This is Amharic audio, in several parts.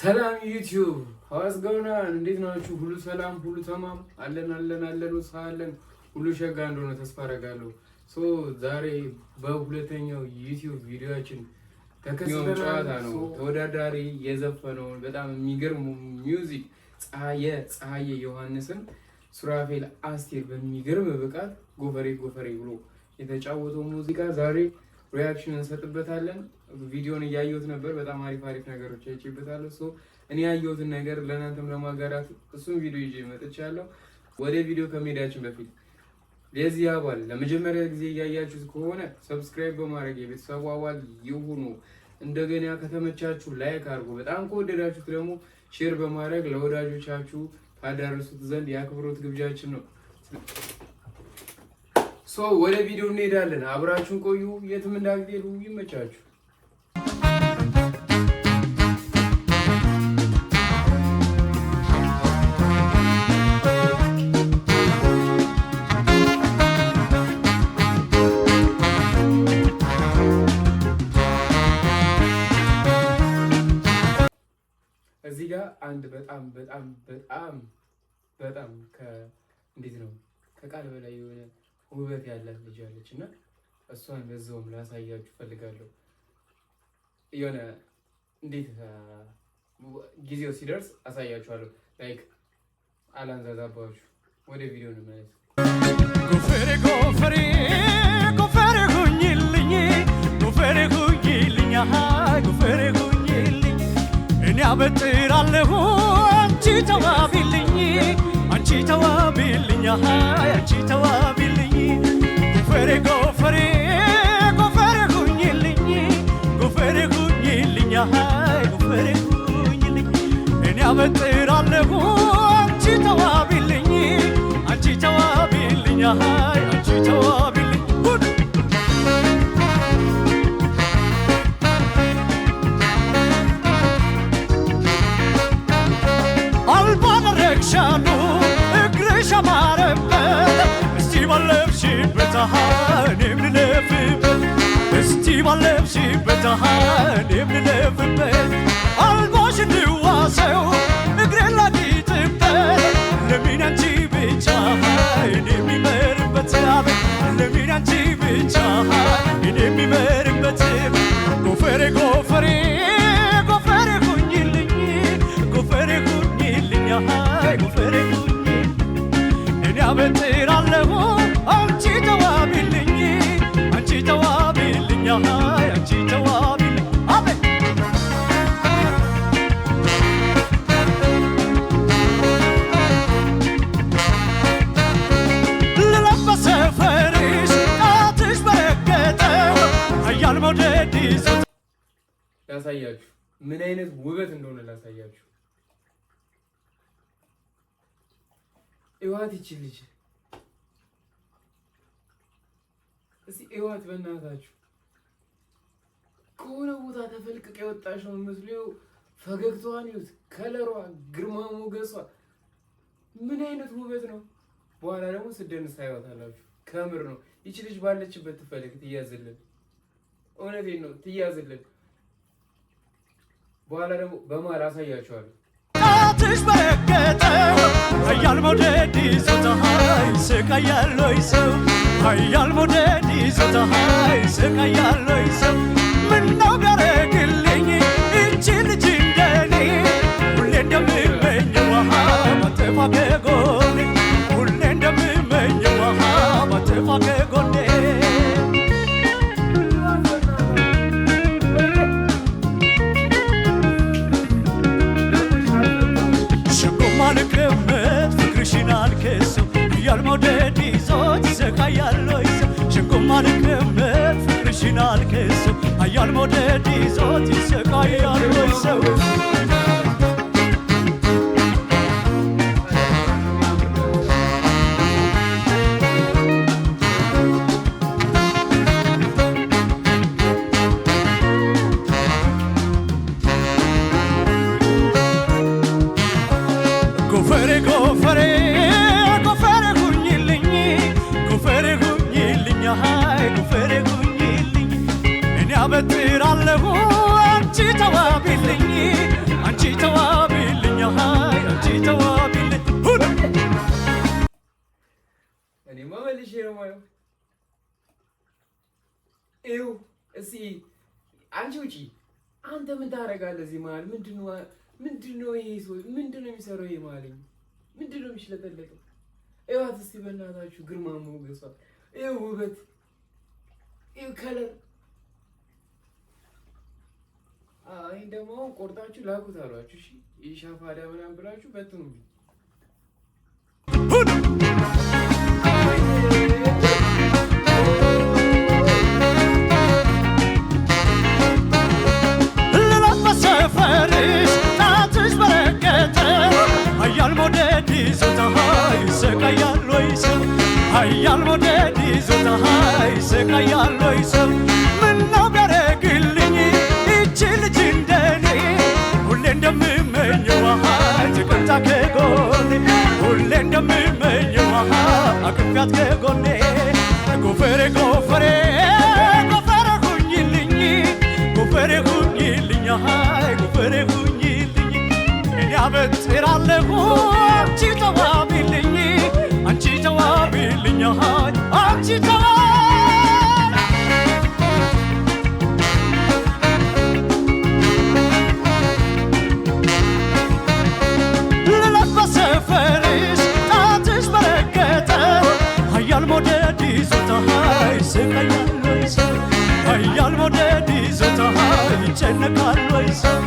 ሰላም ዩቲዩብ ሀዋስ ገውና እንዴት ናችሁ? ሁሉ ሰላም፣ ሁሉ ተማም አለን አለን አለን ውሳ አለን ሁሉ ሸጋ እንደሆነ ተስፋ አደርጋለሁ። ሶ ዛሬ በሁለተኛው ዩቲዩብ ቪዲዮችን ተከስተናል። ጨዋታ ነው ተወዳዳሪ የዘፈነውን በጣም የሚገርሙ ሚውዚክ ፀሐየ ፀሐየ ዮሐንስን ሱራፌል አስቴር በሚገርም ብቃት ጎፈሬ ጎፈሬ ብሎ የተጫወተው ሙዚቃ ዛሬ ሪያክሽን እንሰጥበታለን። ቪዲዮን እያየሁት ነበር። በጣም አሪፍ አሪፍ ነገሮች አይቼበታለሁ። ሶ እኔ ያየሁትን ነገር ለእናንተም ለማጋራት እሱም ቪዲዮ ይዤ መጥቻለሁ። ወደ ቪዲዮ ከመሄዳችን በፊት የዚህ አባል ለመጀመሪያ ጊዜ እያያችሁት ከሆነ ሰብስክራይብ በማድረግ የቤተሰቡ አባል ይሁኑ። እንደገና ከተመቻችሁ ላይክ አድርጉ። በጣም ከወደዳችሁት ደግሞ ሼር በማድረግ ለወዳጆቻችሁ ታዳርሱት ዘንድ የአክብሮት ግብዣችን ነው። ወደ ቪዲዮ እንሄዳለን። አብራችሁን ቆዩ፣ የትም እንዳትሄዱ። ይመቻችሁ። እዚህ ጋር አንድ በጣም በጣም በጣም በጣም እንዴት ነው ከቃል በላይ የሆነ ውበት ያላት ልጅ አለች እና እሷን በዛውም ላሳያችሁ ፈልጋለሁ። የሆነ እንዴት ጊዜው ሲደርስ አሳያችኋለሁ። ላይክ አላንዛዛባችሁ፣ ወደ ቪዲዮ እንመለስ። ጎፈሬ ጎፈሬ ጎፈሬ ሁኝልኝ ጎፈሬ ሁኝልኝ ጎፈሬ ሁኝልኝ እኔ አበጥራለሁ አንቺ ተዋቢልኝ አንቺ ተዋቢልኝ አንቺ ተዋቢልኝ ያማረበት እስቲ ባለብሽበት እኔም ልለፍበት እስቲ ባለብሽበት እኔም ልለፍበት አልቦሽ ልዋሰው እግሬን አበጥራለሁ አንቺ ተዋቢልኝ አንቺ ተዋቢልኝ አንቺ ተዋቢልኝ አቤ ልለበሰ ፈሪስ ጣትሽ በረገጠው ሀያል መውደድ ያሳያችሁ ምን አይነት ውበት እንደሆነ ላሳያችሁ እዋት ይቺ ልጅ እስቲ እዋት በእናታችሁ ከሆነ ቦታ ተፈልቅቅ የወጣሽ ነው የምትለው። ፈገግታዋን ይዩት፣ ከለሯ፣ ግርማ ሞገሷ ምን አይነት ውበት ነው! በኋላ ደግሞ ስደን ታይዋታላችሁ። ከምር ነው ይቺ ልጅ ባለችበት ትፈልግ ትያዝልን። እውነቴን ነው ትያዝልን። በኋላ ደግሞ በማል አሳያችኋለሁ። በእሳትሽ በረገጠ ኃያል ሞደድ ይዞታሃል ስቃይ ያለው ኃያል ሞደድ ይዞታሃል ስቃይ ያለው ምነው ጋር አልማርክም ፍቅርሽን አልክሰው ኃያል ሞደድ ይዞት ይሰቃያል ሰው አለሙ አንቺ ተዋቢልኝ አንቺ ተዋቢልኝ አንቺ ተዋቢልኝ እኔማ መልሼ ነው የማየው። ይኸው እስኪ አንቺ ውጪ። አንተ ምን ታደርጋለህ እዚህ መሀል? ምንድን ነው ይሄ ሰው ምንድን ነው የሚሰራው? ይሄ መሀል ምንድን ነው የሚሽለጠለጠው? እዋት እስኪ በእናታችሁ ግርማ ሞገሷ ይኸው ውበት ይኸው ከለር ይህ ደግሞ አሁን ቆርጣችሁ ላኩት አሏችሁ። እሺ የሻፋዳ ምናምን ብላችሁ በትኑብኝ። ይሰቃያል ወይ ሰው ይሰቃያል ወይ ሰው አቅፊያት ከጎኔ ጎፈሬ ጎፈሬ ጎፈሬ ሁኝልኝ ጎፈሬ ሁኝልኝ አይ ጎፈሬ ሁኝልኝ እኔ አበጥራለሁ አንቺ ተዋቢልኝ አንቺ ተዋቢልኝ አንቺ ተዋ ሀያል ሞደድ ይዞታሃል ስቃያል ወይ ሰው ሀያል ሞደድ ይዞታሃል ይጨነቃል ወይ ሰው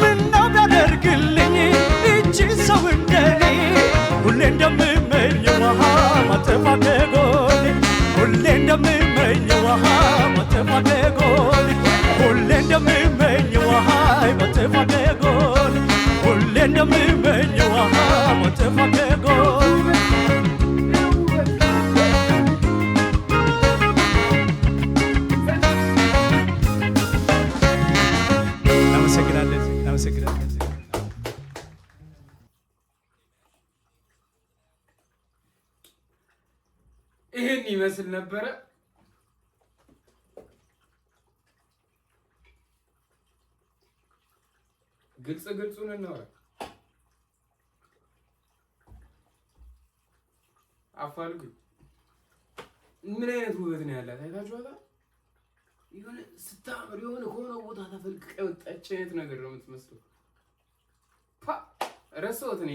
ምነው ቢያደርግልኝ እቺ ሰው እንደኔ ሁሌ እንደምመኝ የዋሃ ማተፋ ከጎኔ ሁሌ እንደምመኝ የዋሃ ማተፋ ከጎኔ ሁሌ እንደምመኝ የዋሃ ማተፋ ከጎኔ ሁሌ እንደምመኝ የዋሃ ማተፋ ከጎኔ እናመሰግናለን፣ እናመሰግናለን። ይህን ይመስል ነበረ። ግልጽ ግልጹን እናወራ። አፋልጉኝ። ምን አይነት ውበት ነው ያላት አይታችኋታል? የሆነ ስታምር የሆነ ከሆነ ቦታ ተፈልቅቀ የወጣች አይነት ነገር ነው የምትመስለው። ፓ ረሳሁት እኔ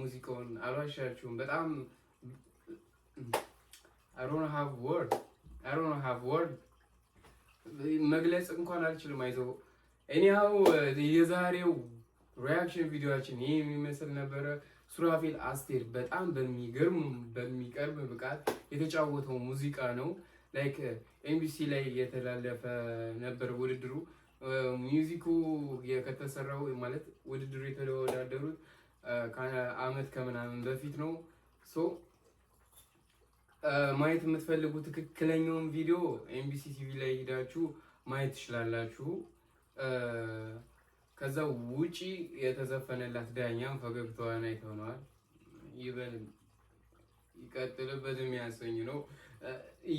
ሙዚቃውን አልዋሻችሁም። በጣም አሮን ሃቭ ወርድ መግለጽ እንኳን አልችልም። አይዘው እኒያው የዛሬው ሪያክሽን ቪዲዮችን ይህ የሚመስል ነበረ። ሱራፌል አስቴር በጣም በሚገርም በሚቀርብ ብቃት የተጫወተው ሙዚቃ ነው። ላይክ ኤምቢሲ ላይ እየተላለፈ ነበር ውድድሩ። ሚውዚኩ ከተሰራው ማለት ውድድሩ የተወዳደሩት ከአመት ከምናምን በፊት ነው። ሶ ማየት የምትፈልጉ ትክክለኛውን ቪዲዮ ኤምቢሲ ቲቪ ላይ ሂዳችሁ ማየት ትችላላችሁ። ከዛ ውጪ የተዘፈነላት ዳኛም ፈገግታዋን አይተነዋል ይበልም ይቀጥልበትም የሚያሰኝ ነው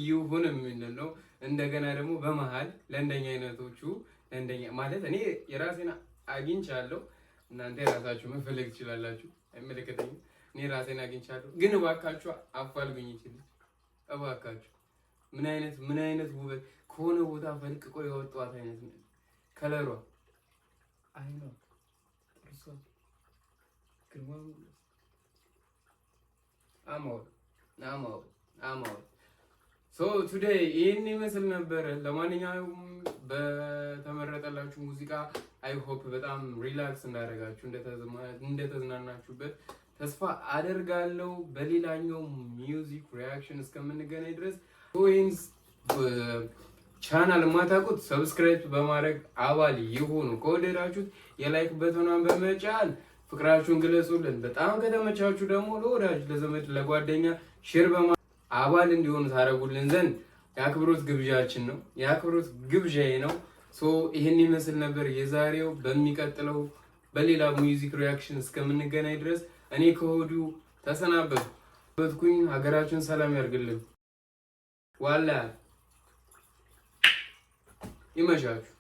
ይሁን የምንል ነው። እንደገና ደግሞ በመሀል ለእንደኛ አይነቶቹ ለእንደኛ ማለት እኔ የራሴን አግኝቻለሁ። እናንተ የራሳችሁ መፈለግ ትችላላችሁ፣ አይመለከተኝ። እኔ ራሴን አግኝቻለሁ። ግን እባካችሁ አፋልጉኝ ይችል እባካችሁ። ምን አይነት ምን አይነት ውበት ከሆነ ቦታ ፈልቅቆ የወጣዋት አይነት ነው። ከለሯ አይኗ ጥርሷ ግርማ አም አውል አም አውል አም አውል ሶ ቱዴይ ይህን ይመስል ነበር። ለማንኛውም በተመረጠላችሁ ሙዚቃ አይ ሆፕ በጣም ሪላክስ እንዳደረጋችሁ እንደተዝናናችሁበት ተስፋ አደርጋለሁ። በሌላኛው ሚውዚክ ሪያክሽን እስከምንገናኝ ድረስ ኮይንስ ቻናል ማታውቁት ሰብስክራይብ በማድረግ አባል ይሁኑ። ከወደዳችሁት የላይክ በተኗን በመጫን ፍቅራችሁን ግለጹልን። በጣም ከተመቻችሁ ደግሞ ለወዳጅ ለዘመድ፣ ለጓደኛ ሼር በማ አባል እንዲሆኑ ታደርጉልን ዘንድ የአክብሮት ግብዣችን ነው የአክብሮት ግብዣዬ ነው። ይህን ይመስል ነበር የዛሬው። በሚቀጥለው በሌላ ሙዚክ ሪያክሽን እስከምንገናኝ ድረስ እኔ ከሆዱ ተሰናበቱ በትኩኝ ሀገራችን ሰላም ያርግልን። ዋላ ይመሻችሁ።